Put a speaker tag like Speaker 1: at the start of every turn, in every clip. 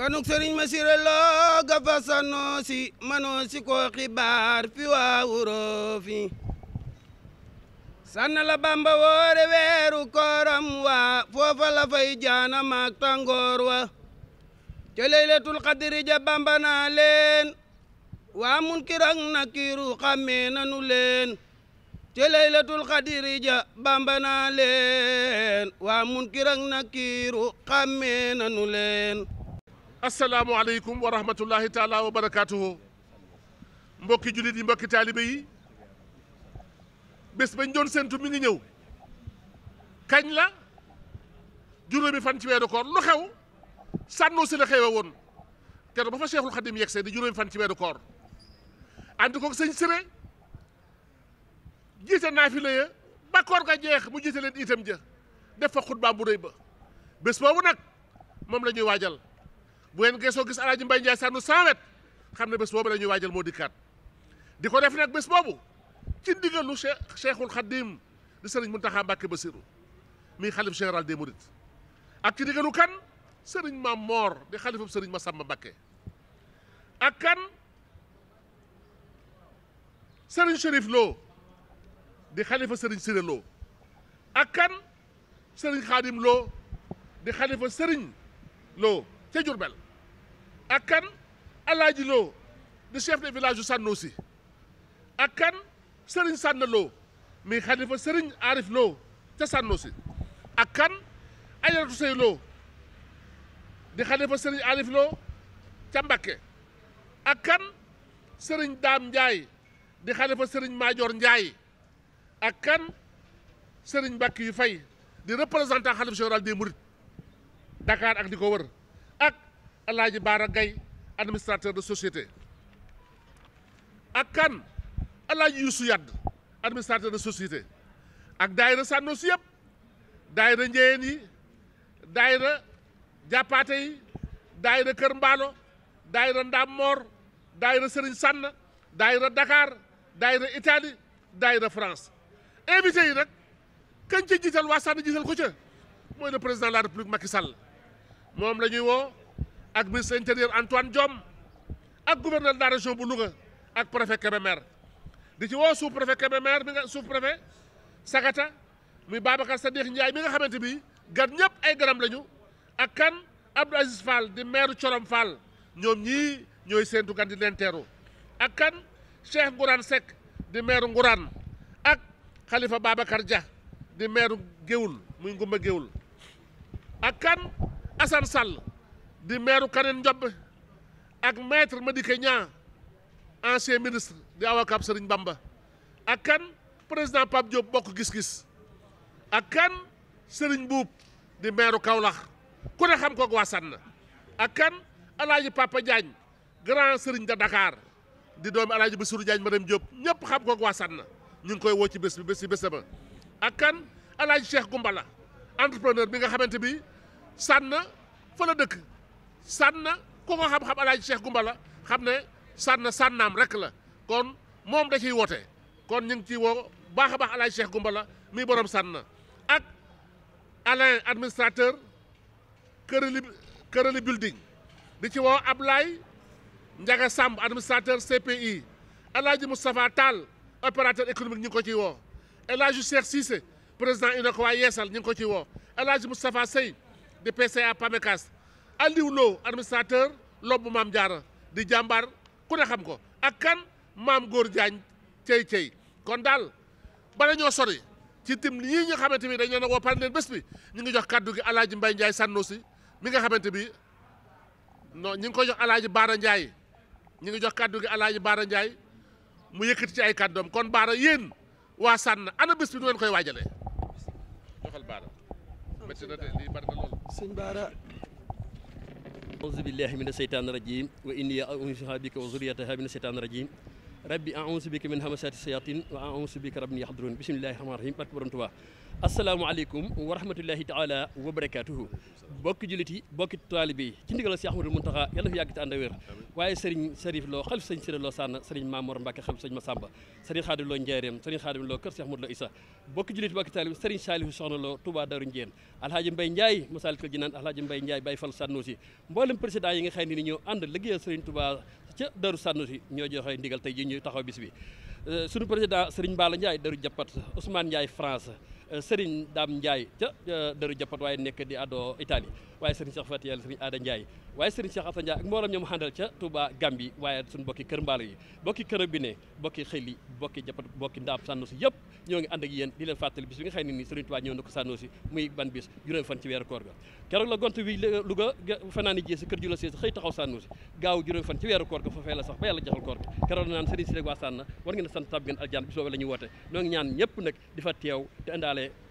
Speaker 1: ganuk sëriñ Massiré Lo ga fasano si mano si ko xibaar fi waa wuro sanna la bamba woore weeru kooram wa foofa la fay jaana maak tàngoor wa ca laylatul xadiri bamba naa leen waa munkir ak nakiru xàmmee nanu leen ca laylatul xadiri bamba naa leen waa munkir ak nakiru xàmmee nanu leen asalaamualeykum
Speaker 2: wa rahmatullahi taala wa barakaatuhu mbokki jullit yi mbokki taalibe yi bés bañ doon séntu mi ngi ñëw kañ la juróomi fan ci weeru koor lu xew sànnoo si la xewe woon keroog ba fa Cheikhul Khadim yegsee di juróomi fan ci weeru koor ànd koog sëñ Siré jiite naa fi la ya ba koor ga jeex mu jiite leen itam ja def fa xutbaa bu rëy ba bés boobu nag moom la ñuy waajal bu ngeen geesoo gis alaaji mbay njaay sànnu sanwet xam ne bés boobu la ñuy waajal moo dikkaat di ko def nag bés boobu ci ndigalu cheikh cheikhul xadim di sëriñ muntaxa mbàkke basiru mi xalif général des mourides ak ci ndigalu kan sëriñ maam moor di xalifam sëriñ masamba mbàkke ak kan sëriñ chérif loo di xalifa sëriñ siré loo ak kan sëriñ xaadim loo di xalifa sëriñ loo ca Diourbel ak kan Alaaji Lo di chef de village yu Sànnoosi ak kan Serigne Sànn Lo mi xalifa Serigne Arif Lo ca Sànnoosi ak kan Ajaratu Sey Lo di xalifa Serigne Arif Lo ca Mbakke ak kan Serigne Daam Ndiaye di xalifa Serigne Maajoor Ndiaye ak kan Serigne Mbàkke yu fay di représentant xalifa général des Mourides Dakar ak di ko wër Alaaji Baara Gay administrateur de société ak kan Alaaji Yuusu Yadd administrateur de société ak daayira Sànnoosi yëpp daayira Njeyeen yi daayira jàppaate yi daayira Kër Mbaalo daayira Ndaam Moor daayira Sëriñ Sànn daayira Dakar daayira Italie daayira France invité yi nag kañ ca jiital waa Sànn jiital ko ca mooy le président la république Macky Sall moom la woo ak ministre intérieur Antoine Diome ak gouverneur de la région bu Louga ak préfet Kébémer di ci woo sous préfet Kébémer mi nga sous préfet Sagata muy Babacar Sadikh Ndiaye mi nga xamante bi gan ñëpp ay garam lañu ak kan Abdou Aziz Fall di maire Corom Fall ñoom ñii ñooy séentu gan di ak kan Cheikh Ngourane Seck di maire Ngourane ak Khalifa Babacar Dia di maire Géoul muy Ngumba Géoul ak kan Assane Sall di meeru Kaneen Njobbe ak maître Madické Niang ancien ministre di avocat Serigne Bamba ak kan président Pape Diop bokk gis-gis ak kan Serigne Buub di meeru Kaolack ku ne xam ko waa Sànn ak kan alaaji Papa jaañ grand Serigne de dakaar di doomi alaaji Bassirou Diagne Madame Diop ñëpp xam ko waa Sànn ñu ngi koy woo ci bés bi bés bi bés ba ak kan alaaji Cheikh Gumbala entrepreneur bi nga xamante bi Sànn fa la dëkk sànna na ko xam-xam alaaji Cheikh Goumba la xam ne sànna naam rek la kon moom da ciy woote kon ñu ngi ciy woo baax a baax alaaji Cheikh Goumba la mi borom na ak Alain administrateur kërali kërali building di ci woo Ablaye Ndiaga Samb administrateur CPI alaaji Moustapha Tall opérateur économique ñu ngi ko ciy woo alaaji Cheikh Cissé président UNACOIS Yeesal ñu ngi ko ciy woo alaaji Moustapha Sey di PCA PAMECAS Aliou Lo administrateur lobbu maam jaara di jàmbaar ku ne xam ko ak kan maam góor jaañ cey cey kon daal bala ñoo sori ci tim yii nga xamante bi dañ leen a woo pare leen bés bi ñu ngi jox kàddu gi alaaji mbay njaay sànnoosi mi nga xamante bi non ñu ngi koy jox alaaji baara njaay ñu ngi jox kàddu gi alaaji baara njaay mu yëkkati ci ay kàddoom kon baara yéen waa sànn ana bés bi nu ngeen koy waajalee joxal baara
Speaker 3: أعوذ بالله من الشيطان الرجيم وإني أعوذ بك وذريتها من الشيطان الرجيم ربي أعوذ بك من همسات الشياطين وأعوذ بك رب يحضرون بسم الله الرحمن الرحيم بارك برنتوا asalaamaaleykum wa rahmatullahi taala wa barakaatuhu bokki jullit yi bokki taalibe yi ci ndigal Cheikh Ahmadou Mountakha yàlla fi yàgg te ànd wér waaye sëriñ Serif Lo xalif sëriñ Serif Lo Sànn sëriñ Mamoor Mbàkke xalif sëriñ Masamba sëriñ Xaadim Lo Njaareem sëriñ Xaadim Lo kër Cheikh Ahmadou Lo Issa bokki jullit bokki taalibe sëriñ Saalihu Soxna Lo Touba Daru Njeen alhaaji Mbay Njaay Masaalikul Jinaan alhaaji Mbay Njaay Baay Fall Sànnuusi mboolem président yi nga xam ne ñoo ànd liggéeyal sëriñ Touba ca Daru Sànnuusi ñoo joxe ndigal tey ji ñu taxaw bis bi euh, sunu président sëriñ Mbaala Njaay Daru Jappat Ousmane Njaay France Serigne Dame Ndiaye ca dëru jàppat waaye nekk di àddoo Italie waaye sëriñ Cheikh Faty Yàlla sëriñ Aada Ndiaye waaye sëriñ Cheikh Assane Ndiaye ak mboolem ñoom xàndal ca Touba Gambi waaye suñu bokki kër mbaalo yi bokki kër bi ne bokki xëli bokki japat bokki ndaam sànnoosi yëpp ñoo ngi ànd ak yéen di leen fàttali bis na war ngeen a sant tab ngeen aljaan bis boobu la woote noo ñaan ñëpp nag di fa teew te indaale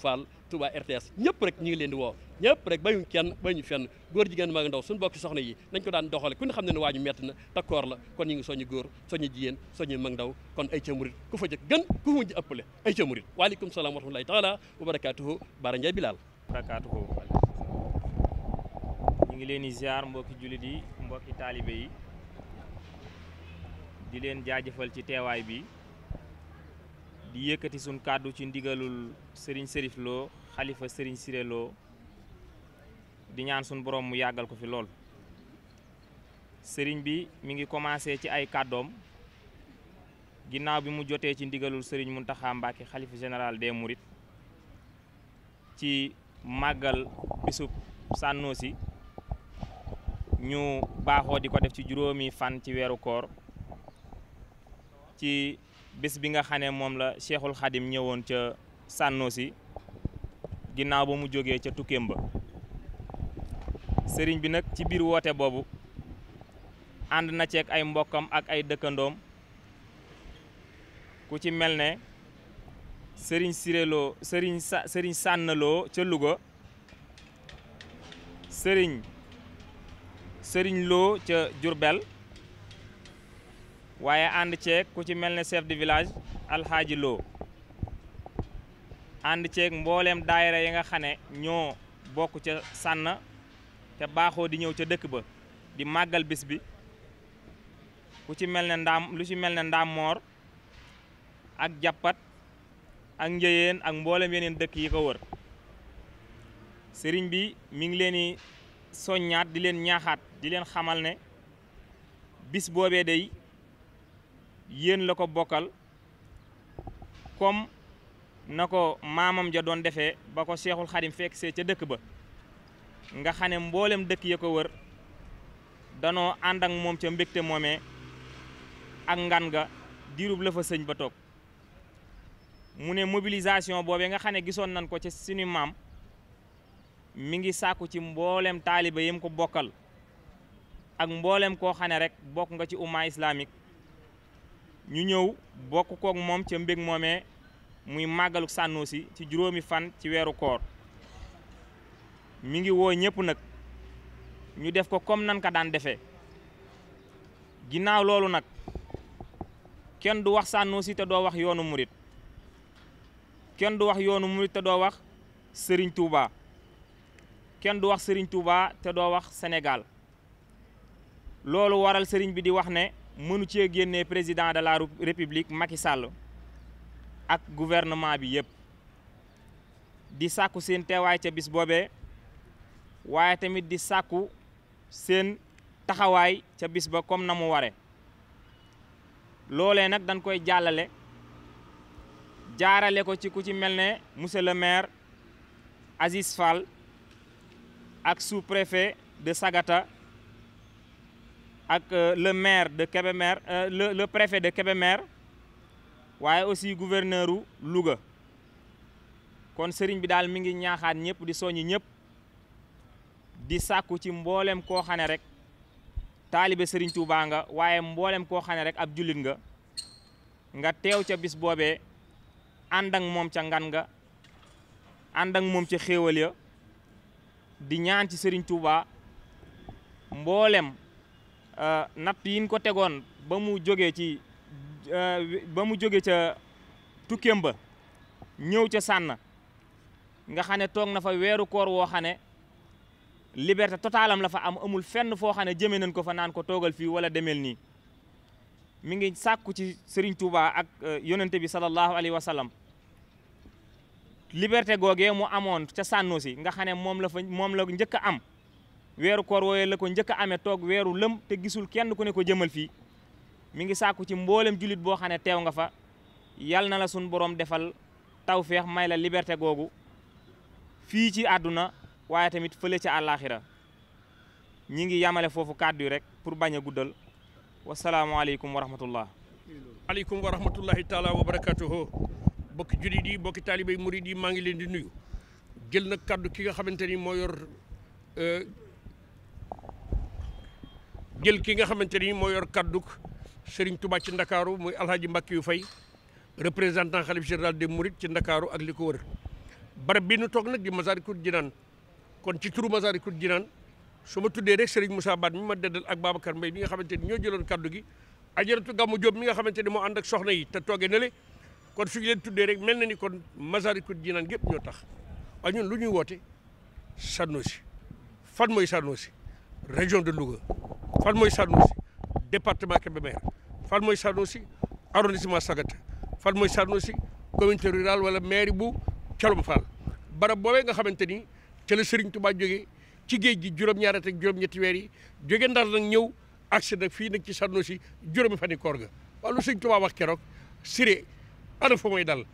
Speaker 3: Fall tubaa RTS ñëpp rek ñu ngi leen di woo ñëpp rek bayuñ kenn bay ñu fenn góor jigéen mag ndaw suñ bokki soxna yi nañ ko daan doxale ku ne xam ne ne waañu metti na takkoor la kon ñu ngi soñu góor soñu jigéen soñu mag ndaw kon ay ca murit ku fa jëkk gën ku mujj ëppale ay ca murit waaleykum salaam wa rahmatullahi taala wa barakaatuhu Bara Ndiaye Bilal barakaatuhu
Speaker 4: ñu ngi leen di ziar mbokki jullit yi mbokki taalibe yi di leen jaajëfal ci teewaay bi di yëkkati suñ kàddu ci ndigalul sëriñ Serif xalifa Serigne Siré Lo di ñaan suñ boroom mu yàggal ko fi lool sëriñ bi mu ngi commencé ci ay kàddoom ginnaaw bi mu jotee ci ndigalul Serigne Mountakha Mbacké xalifa général des Mourides ci màggal bisub Sànnoosi ñu baaxoo di ko def ci juróomi fan ci weeru koor ci bés bi nga xam ne moom la Cheikhul Khadim ñëwoon ca Sànnoosi ginnaaw ba mu jógee ca tukkeem ba sëriñ bi nag ci biir woote boobu ànd na ceeg ay mbokkam ak ay dëkkandoom ku ci mel ne sëriñ Siréloo sëriñ sa sëriñ Sànnaloo ca Louga sëriñ sëriñ Loo ca Jurbel waaye ànd ceeg ku ci mel ne chef de village alxaaji loo ànd ceeg mbooleem daayira yi nga xane ñoo bokk ca sànn te baaxoo di ñëw ca dëkk ba di màggal bis bi ku ci mel na ndam lu ci mel na ndaam moor ak jàppat ak njëyeen ak mboolem yeneen dëkk yi ko wër sëriñ bi mi ngi leen di soññaat di leen ñaaxaat di leen xamal ne bis boobee day yéen la ko bokkal comme na ko maamam ja doon defe ba ko seexul xadim fekk see ca dëkk ba nga xane mboolem dëkk ya ko wër danoo ànd ak moom ca mbégte moomee ak ngan ga diirub la fa sëñ ba toog mu ne mobilisation boobee nga xam ne gisoon nañ ko ca suñu maam mi ngi sàkku ci mboolem taaliba yim ko bokkal ak mboolem koo xane ne rek bokk nga ci umma islamique ñu ñëw bokk kook moom ca mbég moomee muy màggalu Sànnoosi ci juróomi fan ci weeru koor mi ngi woo ñëpp nag ñu def ko comme nan ka daan defee ginnaaw loolu nag kenn du wax Sànnoosi te doo wax yoonu murit kenn du wax yoonu murit te doo wax Sëriñ Tuuba kenn du wax Sëriñ Tuuba te doo wax senegaal loolu waral sëriñ bi di wax ne mënu cee génne président de la république Macky Sall ak gouvernement bi yëpp di sàkku seen teewaay ca bis boobee waaye tamit di sàkku seen taxawaay ca bis ba comme na mu ware loolee nag dañ koy jàllale jaarale ko ci ku ci mel ne monsieur le maire Aziz ak sous de Sagata ak euh, le maire de Kébémer euh, le le préfet de Kébémer waaye aussi gouverneur u Louga kon sëriñ bi daal mi ngi ñaaxaat ñëpp di soññ ñëpp di sàkku ci mboolem koo xam rek taalibe sëriñ Tuubaa nga waaye mboolem koo xam rek ab jullit nga nga teew ca bis boobee ànd moom ca ngan nga ànd ak moom ca xéewal ya di ñaan ci sëriñ Tuubaa mboolem. Euh, natt yiñ ko tegoon ba mu jógee ci euh, ba mu jógee ca tukkeem ba ñëw ca sànn nga xam ne toog na fa weeru koor woo xam ne liberté totalam la fa am amul fenn foo xam ne jëmee nañ ko fa naan ko toogal fii wala demel nii mi ngi sàkku ci Serigne Touba ak euh, yonente bi sallallahu alayhi wa liberte liberté googee mu amoon ca sànnu si nga xam ne moom la fa moom la njëkk a am weeru koor woowee la ko njëkk a amee toog weeru lëm te gisul kenn ku ne ko jëmal fii mi ngi saaku ci mboolem jullit boo xam ne teew nga fa yal na la sun boroom defal tawféex may la liberte googu fii ci àdduna waaye tamit fële ci àllaaxira ñi ngi yamale foofu kàddu yi rek pour bañ a guddal wasalaamaaleykum wa rahmatullah
Speaker 5: aleykum wa rahmatullahi taala wa barakatuhu bokki jullit yi bokki taalibé murid yi maa ngi leen di nuyu jël na kàddu ki nga xamante ni moo yor euh, jël ki nga xamante ni moo yor kàddug Serigne Touba ci ndakaaru muy alhaji Mbàkke yu fay représentant xalif général des Mourides ci ndakaaru ak li ko wër barab bi nu toog nag di Masaalikul Jinaan kon ci turu Masaalikul Jinaan su ma tuddee rek Serigne Moussa Bane mi ma deddal ak Babacar mbay mi nga xamante ni ñoo jëloon kaddu gi ajaratu Gammu Jóob mi nga xamante ni moo ànd ak soxna yi te toogee na le kon su ñu tuddee rek mel na ni kon Masaalikul Jinaan gépp ñoo tax waaye ñun lu ñuy woote Sanosi fan mooy Sanosi région de Louga fan mooy Sanoussi département Kébémer fan mooy Sanoussi arrondissement Sagata fan mooy Sanoussi communauté rurale wala mairie bu Calom Fall barab boobee nga xamante ni ca la Serigne Touba jógee ci géej gi juróom-ñaar ak juróom-ñetti weer yi jóge Ndar nag ñëw agsi nag fii nag ci Sanoussi juróomi fan yi koor ga waaw lu Serigne Touba wax keroog Siré ana fa mooy dal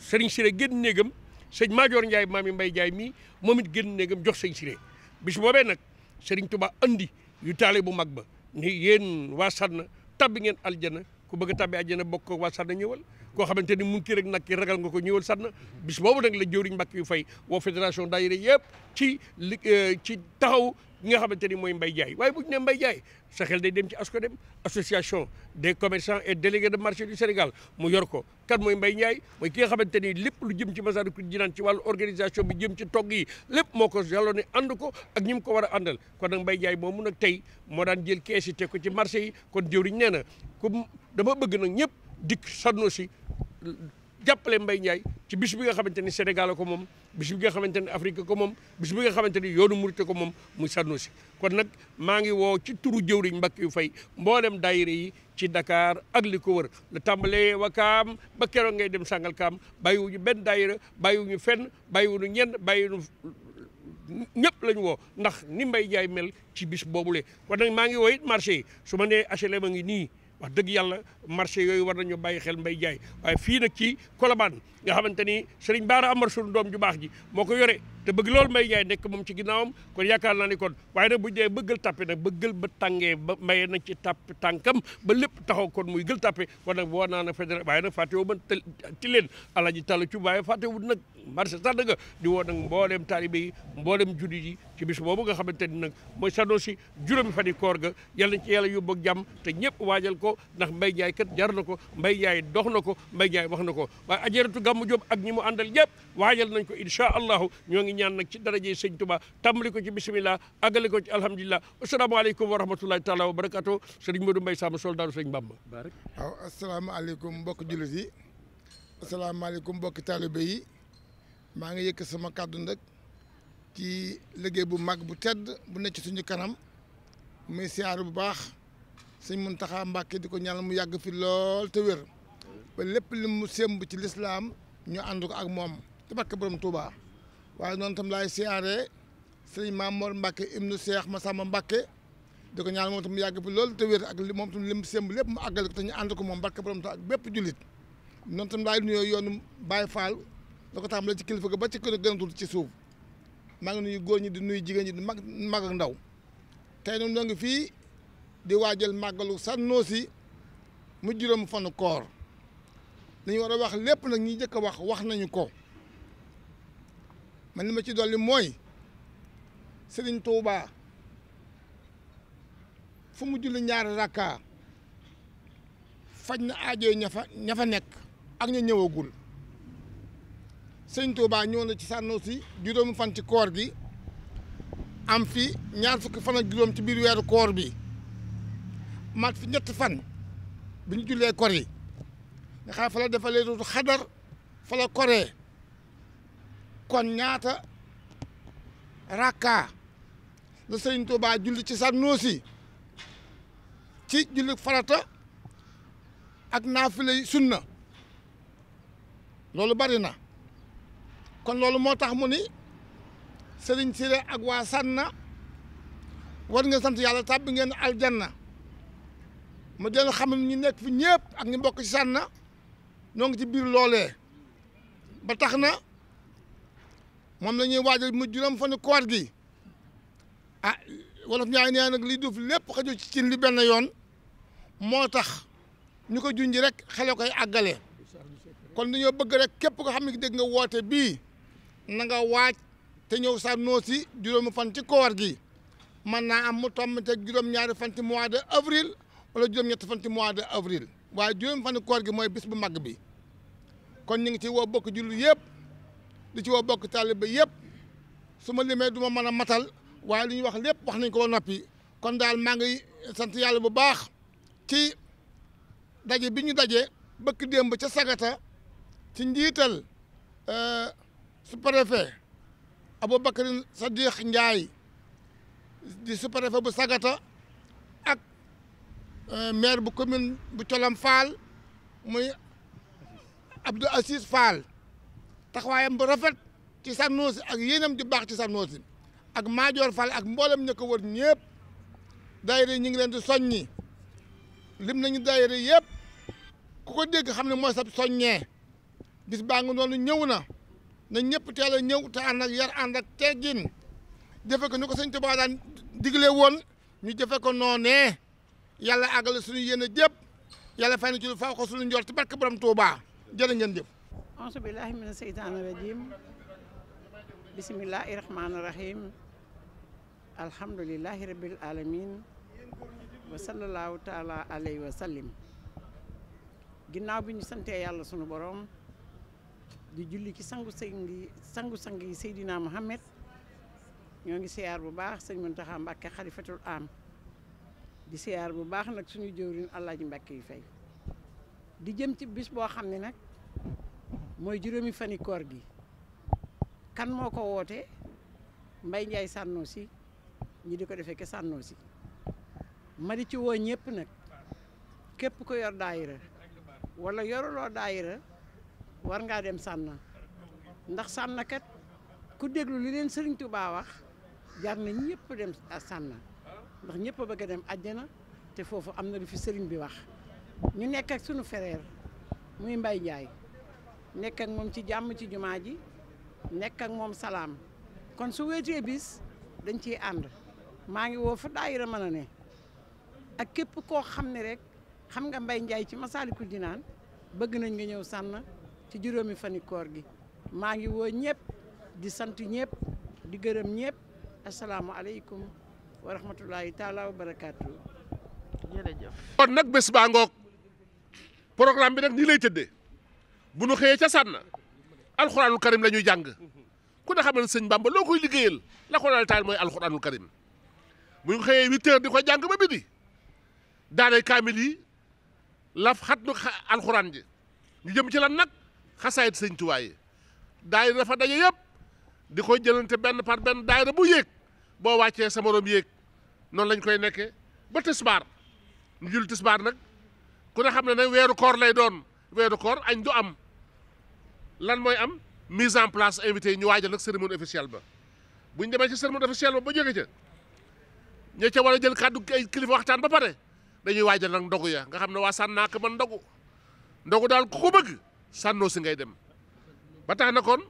Speaker 5: Serigne Siré génn néegam sëñ Maajoor Ndiaye maam yi Mbay Jaay mi moom it génn néegam jox sëñ Siré bis boobee nag Serigne Touba andi. yu taale bu mag ba ni yéen waa Sadna tabbi ngeen aljana ku bëgg a tabbi aljana bokk waa Sadna ñëwal koo xamante ni mun ki rek nag ki ragal nga ko ñëwal sànn bis boobu nag la jëwriñ mbàkk yu fay woo fédération daayira yëpp ci li euh, ci taxaw nga xamante ni mooy mbay jaay waaye bu ñu nee mbay jaay sa day dem ci asko dem association des commerçants et délégués marché du Sénégal mu yor ko kan mooy mbay jaay mooy ki nga xamante ni lépp lu jëm ci Masaalikul Jinaan ci wàllu organisation bi jëm ci togg lépp moo ko yàlloo ne ànd ko ak ñi mu ko war a àndal kon nag mbay jaay moomu nag tey moo daan jël kees yi ko ci marché yi kon jëwriñ nee na comme dama bëgg nag ñëpp dikk sànnu si jàppale Mbaye Ndiaye ci bis bi nga xamante ni Sénégal ko moom bis bi nga xamante ni Afrique ko moom bis bi nga xamante ni yoonu Mouride ko moom muy Sanofi kon nag maa ngi woo ci turu jëwriñ Mbackiou Faye mboolem daayira yi ci dakaar ak li ko wër la tàmbalee Wakaam ba keroog ngay dem Sangalkam ñu benn daayira bàyyiwuñu fenn bàyyiwuñu ñenn bàyyiwuñu ñëpp la ñu woo ndax ni Mbaye Ndiaye mel ci bis boobule kon nag maa ngi woo marché yi su ma nee HLM a ngi nii. wax dëgg yàlla marché yooyu war nañu bàyyi xel mbay jaay waaye fii nag ci Colobane nga xamante ni Serigne Baara Amar sunu doom ju baax ji moo ko yore te bëgg loolu Mbaye Ndiaye nekk moom ci ginnaawam kon yaakaar naa ni kon waaye nag bu ñu dee ba Gueule Tapée nag ba gël ba tàngee ba maye na ci tàpp tànkam ba lépp taxaw kon muy Gueule Tapée war boo naa na fédéral waaye nag fàtte woo man ti leen alaji tala ci waaye fàtte wut nag marché sax dëgg di woo nag mbooleem taalibe yi mbooleem jullit yi ci bis boobu nga xamante ni nag mooy sanoo si juróomi fan yi koor ga yàlla ci yàlla yóbbu ak jàmm te ñëpp waajal ko ndax mbay Ndiaye kat jar na ko Mbaye Ndiaye dox na ko Mbaye Ndiaye wax na ko waaye ajaratu gàmmu Jóob ak ñi mu àndal ñëpp waajal nañ ko incha allahu ñoo ngi ñaan nag ci darajey sëñ Tuba tàmbali ko ci bisimilah àggale ko ci alhamdulilah asalaamaaleykum wa rahmatullahi taala wa barakaatu sëriñ Modou Mbaye Samb soldaaru sëñ Bamba
Speaker 6: waaw asalaamaaleykum mbokk jullit yi asalaamaaleykum mbokki taalibe yi maa ngi yëkk sama kàddu nag ci liggéey bu mag bu tedd bu nekk suñu kanam muy siyaar bu baax sëñ taxa Mbàkke di ko ñaanal mu yàgg fi lool te wér ba lépp li mu sémb ci lislaam ñu ànd ko ak moom te borom Tuubaa waaye noonu tam laay siyaaree sëriñ Mamour Mbacke ibnu Cheikh Massamba Mbacke di ko ñaan moom tam yàgg fi loolu te wér ak moom tam lim semb lépp mu àggale ko te ñu ànd ko moom barke borom ak bépp jullit noonu tam laay nuyoo yoonu Baye Fall da ko tàmbalee ci kilifa ba ci kër gën ci suuf maa ngi nuyu góor ñi di nuyu jigéen ñi di mag mag ak ndaw tey noonu fii di waajal màggalu Sanoussi mu juróom fanu koor li war a wax lépp nag ñi njëkk a wax wax nañu ko. man li ma ci dolli mooy Serigne Touba fu mu julli ñaari rakka faj na aajo ña fa ña fa nekk ak ña ñëwagul Serigne Touba ñëw na ci Sanoussi juróomi fan ci koor gi am fi ñaar fukki fan ak juróom ci biir weeru koor bi mat fi ñetti fan bi ñu jullee kor yi nga xam fa la defalee xadar fa koree kon ñaata rakka la sëriñ ba julli ci Sànnoosi ci julli farata ak naafilay sunna loolu bari na kon loolu moo tax mu ni sëriñ Siré ak waa Sànna war nga sant yàlla tàbbi ngeen aljanna mu jël xam ñi nekk fi ñëpp ak ñi bokk ci Sànna ñoo ngi ci biir loole ba tax na moom la ñuy waajal mu juróom fanu koor gi ah wolof ñaa ngi nee nag liy duuf lépp xaju ci cin li benn yoon moo tax ñu ko junj rek xale koy àggale kon dañoo bëgg rek képp ko xam ne dégg nga woote bii na nga waaj te ñëw sa noosi juróomi fan ci koor gi man naa am mu tom te juróom-ñaari fan ci mois de avril wala juróom ñett fan ci mois de avril waaye juróom fan koor gi mooy bis bu mag bi kon ñu ngi ci woo bokk jullit yëpp di ci woo bokk taalibe yëpp su ma limee du ma mën a matal waaye li ñuy wax lépp wax nañ ko ba noppi kon daal maa ngi sant yàlla bu baax ci daje bi ñu daje bëkk démb ca sagata ci njiital euh, sous-préfet Aboubacry Sadiq Ndiaye di sous bu sagata ak euh, maire bu commune bu Colom Fall muy Abdou Assis Fall taxawaayam bu rafet ci Sarnosi ak yéenam ju baax ci Sarnosi ak maajoor fal ak mboolem ña wër ñëpp daayira ñu ngi leen di soññi lim nañu daayira yëpp ku ko dégg xam ne mooy sab soññee bis baa ngi noonu ñëw na na ñëpp teel a ñëw te ànd ak yar ànd ak teggin jëfe ko ni ko sëñ Tuubaa daan digle woon ñu jëfe ko noonee yàlla àggale suñu yéene jëpp yàlla fay na ci lu faaw ko suñu njort ci barke borom Tuubaa jërë ngeen
Speaker 1: auzu billaahi mina seytaani rajiim bismillaahi rahmaani rahiim alhamdulillaahi rabbil aalamiin wa sallallaahu taala alayhi ginnaaw bi ñu santee yàlla sunu boroom di julli ci sangu sangi sangu sangi Seydina Muhammad ñoo ngi siyaar bu baax sëñ Muntaxa Mbàkke xalifatul am di siyaar bu baax nag suñu jëwriñ Alaaji Mbàkke yi fay di jëm ci bis boo xam ne nag mooy juróomi fani koor gi kan moo ko woote Mbay Njaay Sànnoosi ñi di ko defee ke Sànnoosi ma di ci woo ñëpp nag képp ko yor daayira walla yoruloo daayira war ngaa dem sànna ndax sànnkat ku déglu li leen Sëriñ Tuubaa wax jar na ñëpp dem sànna ndax ñëpp a bëgg a dem àjjana te foofu am na lu fi sëriñ bi wax ñu nekk sunu frère muy Mbay Njaay nekk ak moom ci jàmm ci jumaa ji nekk moom salaam kon su wéetee bis dañ ci ànd maa ngi woo fa daayira mën ne ak képp koo xam ne rek xam nga Mbay Njaay ci Masaalikul naan bëgg nañ nga ñëw sànn ci juróomi fani gi maa ngi woo ñëpp di sant ñëpp di gërëm ñëpp asalaamualeykum wa rahmatullahi taala wa barakaatu.
Speaker 2: kon nag bés baa ngoog programme bi nag nii lay tëddee. bu nu xëyee ca sànn alxuraanul karim la ñuy jàng ku ne xam ne sëñ Bamba loo koy liggéeyal la ko daal taal mooy alxuraanul karim bu ñu xëyee huit heures di ko jàng ba midi daanay kaamil yi laf xat nu alxuraan ji ñu jëm ci lan nag xasaayit sëñ Tuubaa yi daayira fa daje yëpp di ko jëlante benn par benn daayira bu yéeg boo wàccee sa morom yéeg noonu lañ koy nekke ba tisbaar ñu jul tisbaar nag ku ne xam ne ne weeru koor lay doon weeru koor añ du am lan mooy am mise en place invité yi ñu waajal nag cérémonie officielle ba bu ñu demee ci cérémonie officielle ba ba jóge ca ña ca war a jël kàddu ay kilifa waxtaan ba pare dañuy waajal nag ndogu ya nga xam ne waa sànnaak man ndogu ndogu daal ku ko bëgg sànnoo si ngay dem ba tax na kon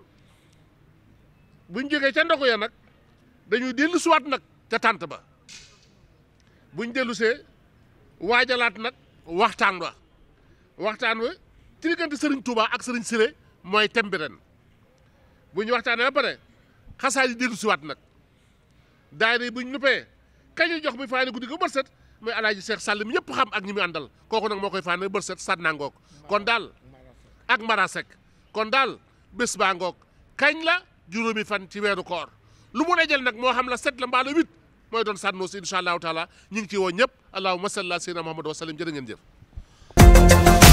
Speaker 2: buñ jegee ca ndogu ya nag dañuy dellu suwaat nag ca tànt ba buñ dellu see waajalaat nag waxtaan wa waxtaan wa ci diggante Touba ak sëriñ Siré mooy thème bi ren bu ñu waxtaanee ba pare xasaay diiru siwaat nag daayira yi bu ñu nuppee kañu jox mi faane guddi ko bërset mooy alaaji Seex Sàll mi ñëpp xam ak ñi mu àndal kooku nag moo koy faane bërset sànnaa ngoog kon daal ak Mara kon daal bés baa ngoog kañ la juróomi fan ci weeru koor lu mu jël nag moo xam la sept la mbaa la huit mooy doon sànnoo si incha allahu taala ñu ngi ciy woo ñëpp allahumma salli ala sayyidina Muhammad wa sallim jërë ngeen jëf